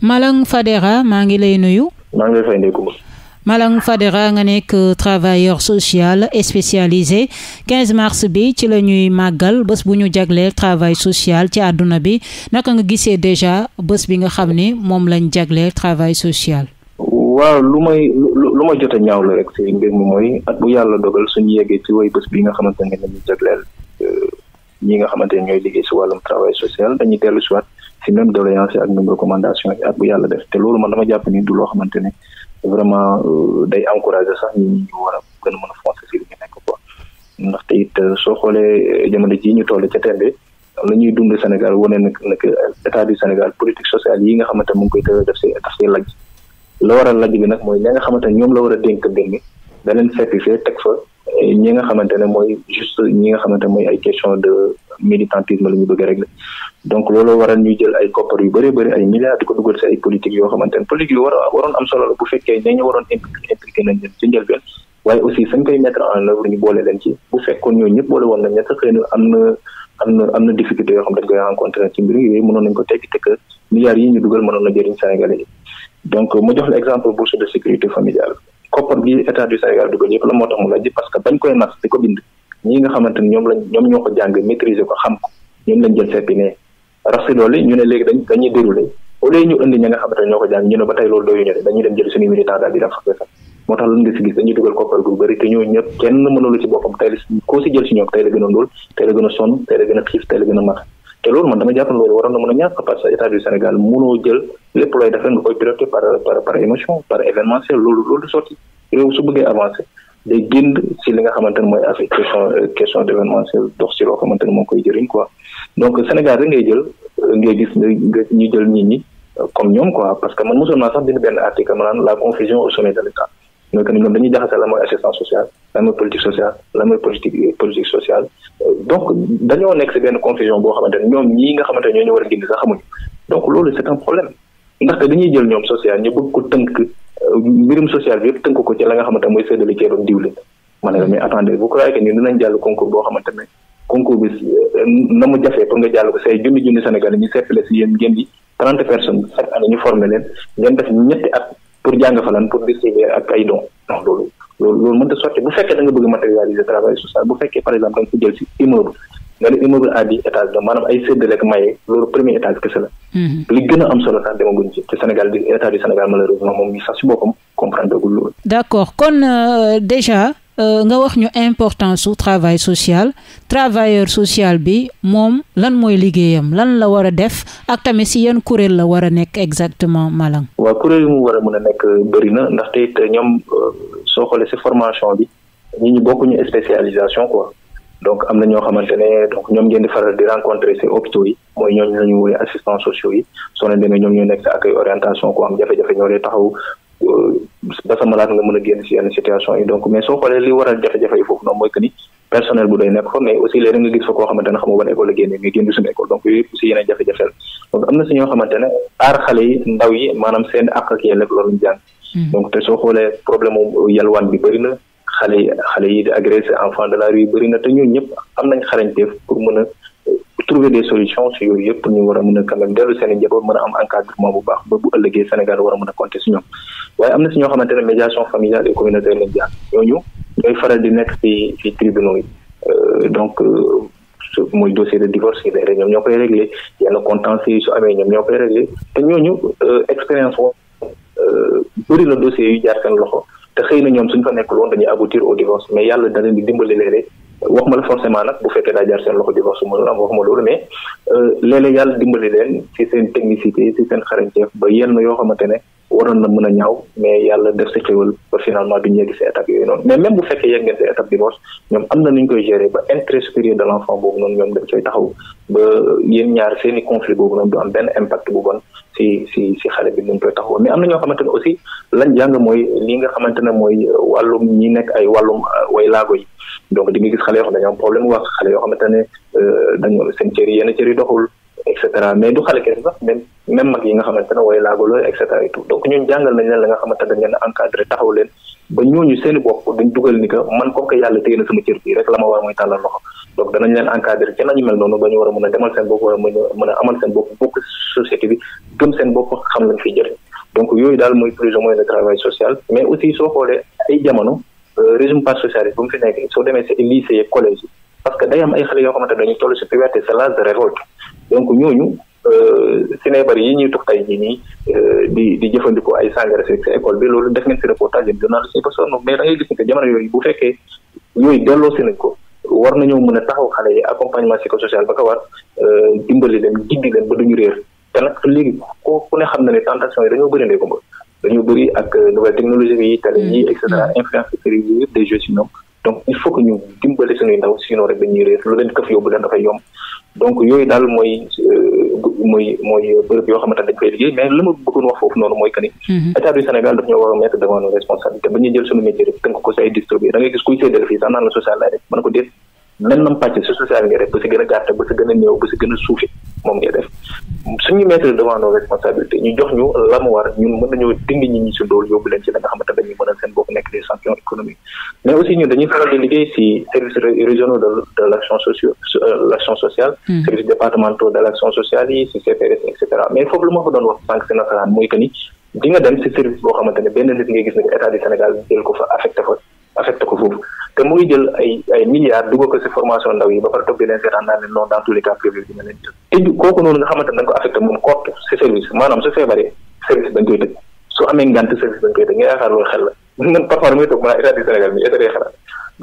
Malang Fadera maa ngi lay nuyu. maa ngi lay fay Ndeye Malang Fadera nga nekk travailleur social spécialisé 15 mars bi ci la ñuy màggal bés bu ñu jagleel travail social ci àdduna bi naka nga gisee déjà bés bi nga xam ne moom lañ jagleel travail social. waaw lu may lu ma jot a ñaaw la rek si mbir mi mooy at bu yàlla dogal suñu yeggee ci way bés bi nga xamante ne dañuy jagleel euh, ñi nga xamante ne ñooy liggéey si wàllum travail social dañuy dellu si si même doléance ak même recommandation yi ak yàlla def te loolu man dama jàpp ni du loo xamante ne vraiment euh, day encourager sax ñi ñu war a gën a mën a foncer si li ñu nekk quoi ndaxte it euh, soo xoolee euh, jamono jii ñu toll ca tembe la ñuy dund Sénégal wane na nag état du Sénégal politique sociale yi nga xamante mu ngi koy tëral def see daf see lajj la war a lajj bi nag mooy ñi nga xamante ne ñoom la war a dénk mbir mi da leen fekk teg fa eh, ñi nga xamante ne mooy juste ñi nga xamante ne mooy ay question de militantisme la ñu bëgg rek donc loolu waral ñuy jël ay koppar yu bëri bëri ay milliards di dugal si ay politique yoo xamante ne politique yu war a waroon am solo la bu fekkee ne waroon impliqué impliqué nañ leen ci waaye aussi fañ koy mettre en œuvre ñu boole leen ci bu fekkoon ñooñu ñëpp boole woon nañ ne sax xëy na am na am na am na xam dañ koy rencontré ci mbir yooyu mënoon nañ ko teggi te que milliards yi ñu dugal mënoon na jëriñ Sénégalais yi donc mu jox la du Sénégal dugal yëpp la moo tax mu laaj parce que bañ koy ñi nga xamante ni ñoom lañ ñoom ñoo ko jàng maîtriser ko xam ko ñoom lañ jël seppi ne rax si loolu ñu ne léegi dañ dañuy déroulé au ñoo ko jàng ñu ne ba tey loolu dooyu ñu ne dañuy dem jël suñu militant daal di def jël si looy defee nga koy piloté par par par émotion par événementiel loolu loolu sotti su bëggee avancé day bind si li nga xamante ne mooy affaire question euh, question d' événementiel dox si loo xamante moo koy jëriñ quoi donc Sénégal rek ngay jël euh, ngay jël nit ñi euh, comme ñoom quoi parce que man mosoon naa sax bind benn article ma naan la confusion au sommet de l'État mooy ñoom dañuy jaxase la mooy assistance sociale la mooy politique sociale la mooy politique politique sociale donc dañoo nekk si benn confusion boo xamante ñoom ñii nga xamante ne ñoo ñu war sax xamuñu loolu ndaxte dañuy jël ñoom social ñu bëgg ko tënk euh, mbirum social bi yëpp tënk ko ci la nga xamante mooy séddale ceeru diwlin ma ne la mais attendez vous croyez que ñun dinañ jàll concours boo xamante ne concours bi euh, na mu jafee pour nga jàll ko say junni junni Sénégal ñu seppale si yéen ngeen di trente personnes chaque année ñu formé leen ngeen def ñetti at pour jàng falan pour distribuer ak ay dons non loolu loolu mënta sotti bu fekkee da nga bëgg matérialiser fekkee nga ne immeuble à dix étages la maanaam ay séddale ak maye loolu premier étage kese la. Mhm. li gën a am solo sax demaguñ ci ci Sénégal di état du Sénégal malheureusement moom mi sax si boppam comprendre gul loolu. d'accord kon euh, déjà euh, nga wax ñu importance su travail social travailleur social bi moom lan mooy liggéeyam lan la war a def ak tamit si yan kuréel la war a nekk exactement Malang. waaw kuréel yu mu war a mën a nekk bëri na ndaxte ñoom euh, soo xoolee si formation bi ñi ñu bokkuñu spécialisation donc am na ñoo xamante ne donc ñoom ngeen di faral di rencontrer ci hôpitaux yi mooy ñooñu la sociaux yi soo leen demee ñoom ñoo nekk ci accueil orientation ku am jafe-jafe ñoo lay taxaw euh, ba a personnel bu nekk fa mais aussi léeg nga gis fa koo xamante ne xamoo ban école la génnee mais génn donc yooyu aussi jafe-jafe donc am na ci ñoo xamante ne xale yi ndaw yi maanaam seen àq ak yelleef loolu hmm. donc te soo xoolee problème yalwaan bi bëri xale yi xale yi di agressé enfant de la rue bëri na te ñun ñëpp am nañ xarañteef pour mën a euh, trouver des solutions si yooyu yëpp ñu war a mën a quand même dellu seen i njaboot mën a am encadrement bu baax ba bu ëllëgee Sénégal war a a compter si ñoom waaye am na si ñoo xamante ne médiation familiale et communautaire lañ jaar ñooñu ñooy faral di nekk si si tribunaux yi euh, donc euh, mooy dossier de divorce yi rek ñoom ñoo koy réglé yenn contentieux yi su amee ñoom ñoo koy réglé te ñoo ñu woo bëri na dossier yu jaar seen loxo te xëy na ñoom suñ fa nekkul woon dañuy aboutir au divorce mais yàlla da dimbali léeg-léeg la forcément nag bu fekkee daa jaar seen loxo divorce su mënul am wax ma loolu mais euh, léeg yàlla dimbali leen ci seen technicité ci seen xarañteef ba yenn yoo xamante ne waroon na mën a ñaaw mais yàlla def sa xéwal ba finalement duñ yegg si étape yooyu noonu mais même bu fekkee yegg ngeen si étape divorce ñoom am na nu ñu koy gérer ba intérêt supérieur de l' enfant boobu noonu ñoom dañ ba seen i conflit boobu noonu benn impact bu bon si si si xale bi nuñ koy taxaw mais am na ñoo xamante ne aussi lañ jàng mooy li nga xamante ne mooy wàllum ñi nekk ay wàllum euh, way laago yi donc di nga gis xale yoo xam ne dañoo am problème wax xale yoo xamante ne euh, dañoo seen cër yenn cër doxul et cetera mais du xale kese sax même mag yi nga xamante ne way laago loolu et cetera donc ñun jàngal nañ leen la nga xamante dañ leen encadré taxaw leen ba ñooñu seen i bopp dañ dugal ni que man comme que yàlla téye na sama cër bii rek la ma war mooy tàllal loxo donc danañ leen encadré ci nañu mel noonu ba ñu war a mën a demal seen bopp war a mën a amal seen bopp bokk société bi gëm seen bopp xam lañ fiy jëriñ donc yooyu daal mooy plus ou moins le travail social mais aussi soo xoolee jamono euh, régime par socialiste bu mu demee ci lycée collège yi parce que day am ay xale yoo xamante dañu toll ci puberté c'est l'âge de révolte donc ñooñu sineebar euh, yi ñuy tux tey jii nii euh, di di jëfandikoo ay sangara ci école bi loolu def ngeen ci reportage yi journaliste ba sonn mais da gis ni que yooyu bu fekkee yooyu delloo si nañ ko war nañoo mën a taxaw xale yi accompagnement psychosocial ba ko war euh, dimbali leen gindi leen ba duñu réer te nag léegi ku ku ne xam na ni tentation yi dañoo bëri ndey ko dañoo bëri ak nouvelle technologie donc il faut que ñu dimbale suñuy ndaw sinon rek dañuy réer lu leen këf yóbbu leen dafay yomb donc yooyu daal mooy euh, mooy mooy yoo xamante ne dañ liggéey mais li ma bëggoon wax foofu noonu mooy que mhm. état du Sénégal daf ñoo war a mettre ba ñuy jël suñu métier rek tënk ko si ay distribué da gis kuy séddale fii sax naan la social laay rek mën ko déet mën nam pàcc si social nga rek ba si gën a ba si gën néew ba si gën a moom ngay def suñu mettre devant nos responsabilités ñu jox ñu la mu war ñun mën nañoo dindi ñi ñi si loolu yóbbu leen ci la nga xamante dañuy mën a seen bopp nekk des champions économiques de de l' action euh, sociale hmm. de l' sociale si CPRS et mais foofu lu ma fa doon wax sànq si nasaraan mooy que ni di dem si service boo xamante benn nit ngay gis ne état du Sénégal jël ko fa affecté ko foofu te mu ngi jël ay ay milliards dugal ko ci formation ndaw yi ba pare toppee leen seetaan naa leen non dans tous les cas prévus kooku noonu nga xamante ne dañ ko affecté moom kott ci service maanaam su feebaree service dañ koy tëj su amee ngant service dañ koy tëj nga yaakaar loolu xel la man parfois muy toog maanaam état du Sénégal mi état day xalaat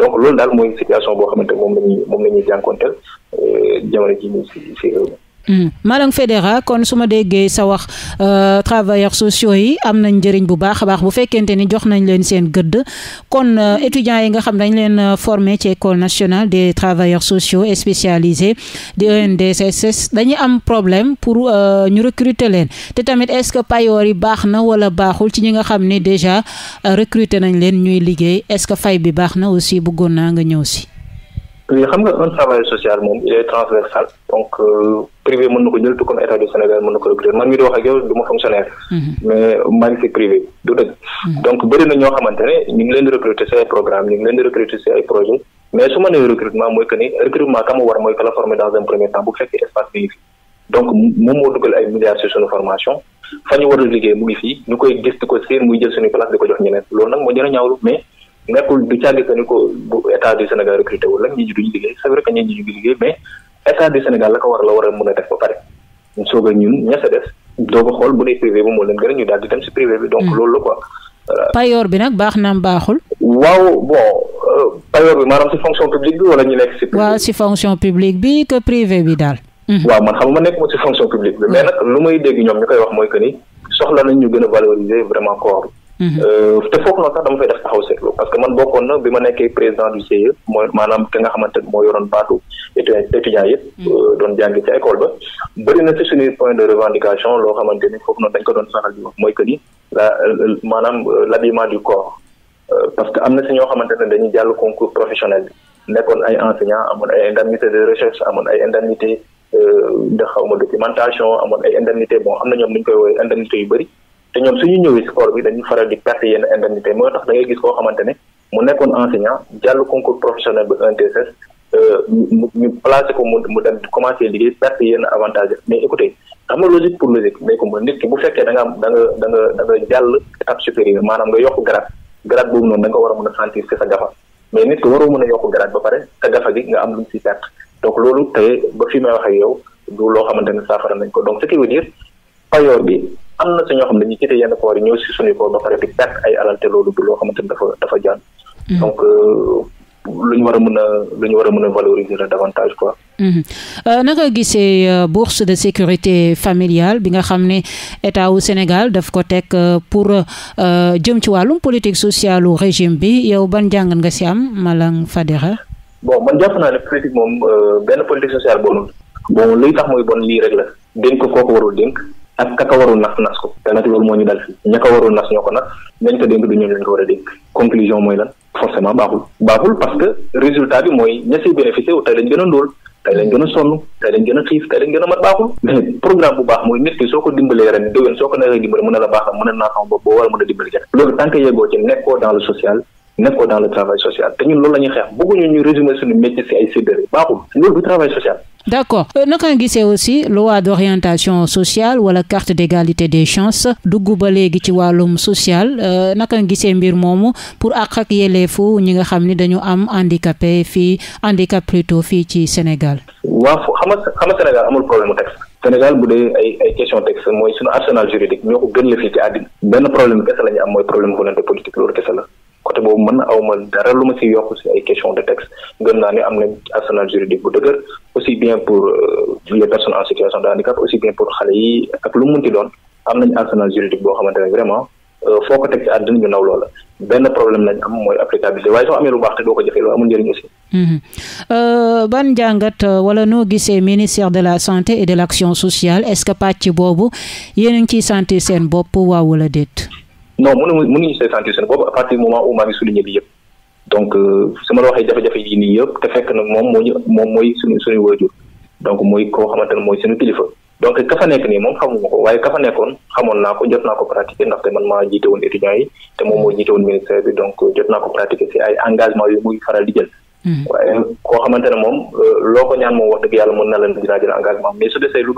donc loolu daal mooy situation boo xamante moom la ñuy moom la ñuy jànkonteel euh, jamono ji nii ci ci réew Mm. Malang Federa kon su ma déggee sa wax euh, travailleurs sociaux yi am nañ njëriñ bu baax a baax bu fekkente ni jox nañ leen seen gëdd kon euh, mm. étudiants yi nga xam dañ leen euh, former ci école nationale des travailleurs sociaux et spécialisés di ENDSS dañuy am problème pour ñu recruter leen te tamit est-ce que payoor yi baax na wala baaxul ci ñi nga xam ni déjà recruter nañ leen ñuy liggéey est-ce que fay bi baax na aussi buggoon naa nga ñëw si. xam nga un travail social moom il est transversal donc euh, privé mën na ko jël tout comme état du Sénégal mën na ko recruter man mi di wax ak yow du ma fonctionnaire. Mhm. mais maa privé du dëgg. Mhm. donc bëri ñoo xamante ne leen di recruter ay programme ñu leen di recruter ay projet mais su ma nee recrutement mooy que ni recrutement ka mu war mooy que former dans un premier temps bu fekkee espace fi donc moom moo dugal ay milliards si formation fa a liggéey mu ngi nekkul du càgg que ni ko bu état du Sénégal recruté wul ak ñu liggéey c'est vrai que ñi ñu liggéey mais état du Sénégal la ko war la war a mën a def ba pare soog a ñun ña sa def doo ko xool bu dee privé bi moo leen gën a ñu daal di dem si privé bi donc hmm. loolu la quoi. Euh, payoor bi nag baax na baaxul. waaw bon euh, payoor bi maanaam si fonction publique bi wala ñu nekk si. waaw si bi que privé bi daal. Hmm. waaw man xam ma nekk moom si fonction publique bi. mais hmm. nag lu may wax mooy que ni soxla nañ ñu gën a valoriser vraiment corps Mhm. Euh, te foofu noonu sax dama fay def taxaw seetlu parce que man bokkoon na bi ma nekkee président du CIE mooy maanaam ki nga xamante ni moo yoroon baatu étudiant yëpp mhm. euh, doon jàngi ci école ba bëri na ci suñuy point de revendication loo xamante ni foofu noonu dañ ko doon saxal di mooy que ni la euh, maanaam l'habillement du corps parce que am na ci ñoo xamante ne dañuy jàll concours professionnel bi nekkoon ay enseignant amoon ay indemnité de recherche amoon ay indemnité de xawma documentation amoon ay indemnité bon am na ñoom nu ñu koy yu bëri te ñoom suñu ñëwee si corps bi dañuy faral di perte yenn indemnité moo tax da ngay gis koo xamante mu nekkoon enseignant jàll concours professionnel bi ENTSS euh, mu ñu placé ko mu mu dem commencé liggéey perte yenn avantage mais écoutez xam nga logique pour logique mais comme nit ki bu fekkee danga nga am danga nga da jàll étape supérieure maanaam nga yokk grade grade boobu noonu da nga war a mën a sentir si sa gafa mais nit ki waroo mën a yokk grade ba pare sa gafa gi nga am lu mu si perte donc loolu tey ba fi may wax yow du loo xamante ne saafara nañ ko donc ce qui veut dire payoor bi am na si ñoo xam ne dañuy gisee yenn koor yi ñëw si suñu koor ba pare di perte ay alal te loolu du loo xamante dafa dafa jaan. Mm-hmm. donc euh, lu war a mën a lu ñu war a mën a valoriser la davantage mm-hmm. euh, naka gisee euh, bourse de sécurité familiale bi nga xam ne état wu Sénégal daf ko teg pour jëm ci wàllum politique sociale u régime bi yow ban jàngat nga si am Malang Fadera. bon man jàpp naa ne politique moom benn politique sociale bonul. bon luy tax muy bon lii rek la. dénk kooku warul dénk. ak kaka warul nas nas ko te nag loolu moo ñu dal fii ña ko warul nas ñoo ko nas ñañ ko dénk du ñoom lañ ko war a dénk conclusion mooy lan forcément baaxul baaxul parce que résultat bi mooy ña siy bénéficié tey lañ gën a ndóol tey lañ gën a sonn tey lañ gën a xiif tey lañ gën a mat baaxul programme bu baax mooy nit soo ko dimbalee ren déwén soo ko naree dimbale mën na la baax la mën na naa xam bopp boo war a mën a dimbali kenn loolu tant que nekkoo dans le nekk ko dans le travail social te ñun loolu la xeex bëgguñu ñu résumer suñu métier ci ay séddale baaxul loolu du travail social. d' accord euh, naka nga gisee aussi loi d' orientation sociale wala carte d' égalité des chances dugg ba léegi ci wàllum social euh, naka nga gisee mbir moomu pour àq ak yelleefu ñi nga xam ni dañu am handicapé fii handicap plutôt fii ci Sénégal. waaw xam nga Sénégal amul problème mu Sénégal bu dee ay question texte mooy suñu arsenal côté boobu mën aw ma dara lu ma ci yokk ci ay question de texte gëm naa ne am nañ arsenal juridique bu dëgër aussi bien pour euh, les personnes en situation de handicap aussi bien pour xale yi ak lu munti doon am nañ arsenal juridique boo xamante vraiment euh, foo ko teg ci àddina ñu naw loola benn problème lañ am mooy applicabilité waaye soo amee lu baax te doo ko jëfee loolu amul njëriñ aussi. Mhm. Euh, ban jàngat wala noo gisee ministère de la santé et de l' action sociale est ce que a non mënuñu mënuñu see sentir seen bopp à partir du moment où maa ngi bi yëpp donc euh, su ma la waxee jafe-jafe yi fekk na moom mooy suñu suñu waajur donc mooy nekk nii moom xamuma ko waaye ka fa nekkoon xamoon naa ko jot naa ko pratiqué man maa jiite woon étudiants yi te moom moo jiite woon ministère donc jot ko pratiqué si ay engagement yu muy faral di hmm. waaye koo xamante ne moom euh, ñaan moom wax dëgg yàlla mën na leen dinaa jël engagement mais su desee lu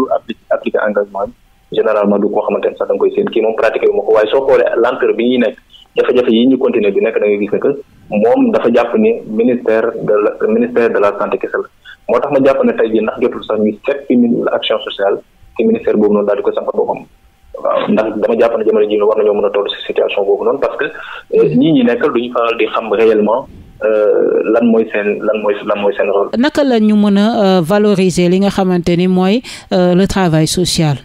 généralement du koo xamante ne sax da nga koy séen kii moom pratiqué wu ma ko waaye soo xoolee lenteur bi ñuy nekk jafe-jafe yi ñu continuer di nekk da gis ne moom dafa jàpp ni ministère de la ministère de la santé kese moo tax ma jàpp ne tey jii ndax jotul sax ñu seppi action sociale ci ministère boobu noonu daal di ko samp boppam waaw ndax dama jàpp ne jamono ji war nañoo mën a toll si situation boobu noonu parce que euh, mm-hmm. ñii ñi nekkal duñu faral di xam réellement euh, lan mooy seen lan mooy lan mooy seen rôle. naka la ñu mën a euh, valoriser li nga xamante ni mooy le travail social.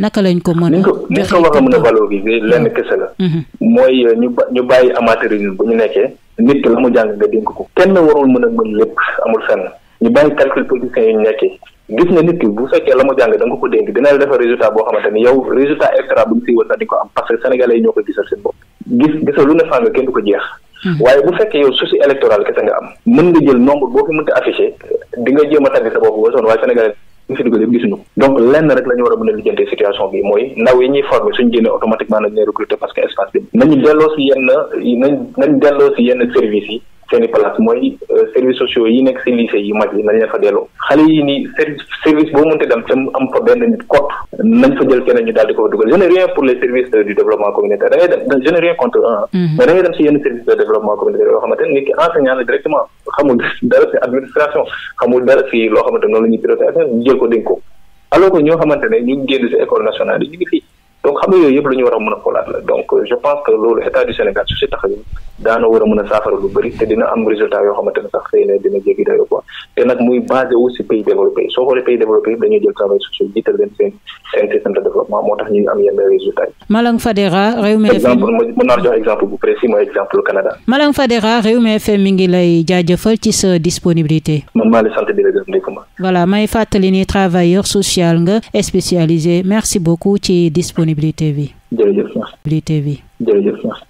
naka lañ ko mën a. joxe ko a mën lenn kese mhm. mooy euh, ñu bàyyi amateurisme bu ñu nekkee. nit la mu jàng nga ko. kenn warul mën a mën lépp amul fenn ñu bàyyi calcul politicien yi ñu nekkee. gis nga nit ki bu fekkee la mu jàng da ko dénk dina la defal résultat boo xamante ni résultat extra bu ñu siiwal sax di ko am parce que sénégalais ñoo ko gisal seen bopp. gis gisal lu ne faa kenn du ko jeex. Mhm. waaye bu fekkee yow souci électoral kese nga am. mën nga jël nombre ñu fi dugal yëpp gisuñu ko donc lenn rek la ñu war a mën a lijjantee situation bi mooy ndaw yi ñuy former suñ génnee automatiquement nañ leen recruter yenn nañ nañ delloo yenn services yi seen i mooy euh, services sociaux yi nekk si lycée yi mag yi nañ leen fa delloo xale yi nii service service boo mënte dem te am fa benn nit nañ fa jël keneen ñu daal di ko dugal je pour les services euh, du développement communautaire da dem je n'ai mhm. mais da dem si yenn service de développement communautaire yoo xamante ni ki enseignant directement xamul dara si administration xamul dara si loo xamante noonu la ñuy piloté jël ko dénk ko alors donc xam nga yooyu yëpp la ñu war a mën a a mën a saafara lu bëri te dina am résultat yoo xamante ne sax xëy na dina jéggi dayo quoi te nag muy basé wu pays développé soo xoolee pays développé dañuy jël travail social jiital leen seen seen de développement moo tax ñu am yenn résultat yi. Malang Fadera Rewmi FM exemple mi ngi lay jaajëfal ci sa disponibilité. man maa ngi sant di la gërëm voilà may fàttali ni travailleur social nga spécialisé merci beaucoup ci disponibilité. disponibilité bi. jërëjëf sax.